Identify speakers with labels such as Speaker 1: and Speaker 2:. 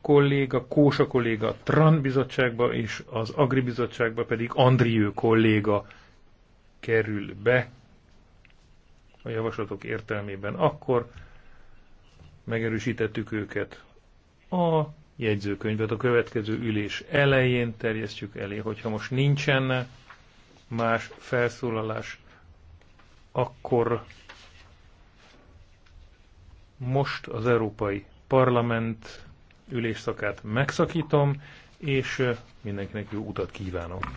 Speaker 1: kolléga, Kósa kolléga Tran bizottságba, és az Agri bizottságba pedig Andriő kolléga kerül be a javaslatok értelmében. Akkor megerősítettük őket. A jegyzőkönyvet a következő ülés elején terjesztjük elé, hogyha most nincsen más felszólalás, akkor most az Európai parlament ülésszakát megszakítom, és mindenkinek jó utat kívánok.